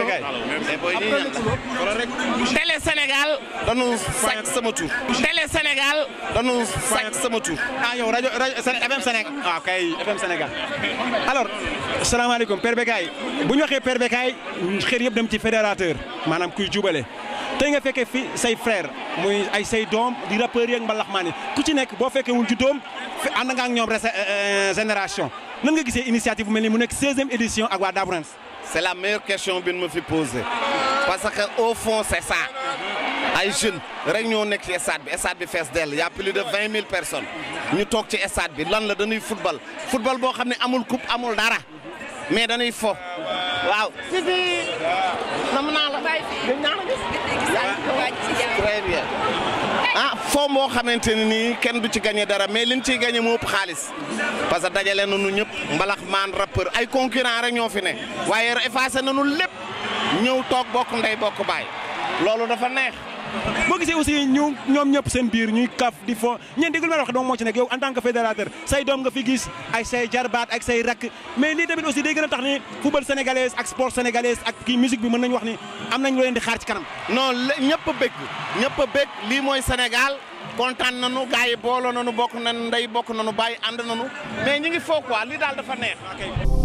Eh, Télé Sénégal. dañu sàcc sama tur. Télé Sénégal. dañu sàcc sama tur. ah yow rajo rajo FM Sénégal. waaw ah, kay FM Sénégal. alors salaamaaleykum Père Bécaye bu ñu waxee Père Bécaye xeer yëpp dem ci fédérateur maanaam kuy jubale. tey nga fekkee fi say frère muy ay say doom di rappeurs yeeg mbalaxmaan yi ku ci nekk boo fekkee wul ci doom ànd nga ak ñoom euh, euh, génération nan nga gisee initiative bu mel ni mu nekk 16e édition ak waa C'est la meilleure question que je me suis posée. Parce qu'au fond, c'est ça. ay jeunes rek ñoo nekk ci stade bi stade bi fees dell y a plus de vingt mille personnes ñu toog ci stade bi lan la dañuy football football boo xam ne amul coupe amul dara mais dañuy fo waaw. si si. ah foo moo xamante ne nii kenn du ci gagné dara mais liñ ciy gagné moo ëpp xaalis parce que dajale nañu ñëpp mbalax maan rappeur ay concurrent rek ñoo fi ne waaye effacé nañu lépp ñëw toog bokk ndey bokk baay loolu dafa neex. boo gisee aussi ñu ñoom ñëpp seen biir ñuy kaf di fo ñeen déggul ma wax doom moo ci nekk yow en tant que fédérateur say doom nga fi gis ay say jarbaat ak say rakk mais lii tamit aussi day gën a tax ni football sénégalais ak sport sénégalais ak kii musique bi mën nañu wax ni am nañ loo leen di xaar ci kanam non ñëpp a bég ñëpp a bég lii mooy Sénégal kontaan nañu gars yi booloo nañu bokk nañu ndey bokk nañu bàyyi ànd nañu mais ñu ngi foo quoi lii daal dafa neex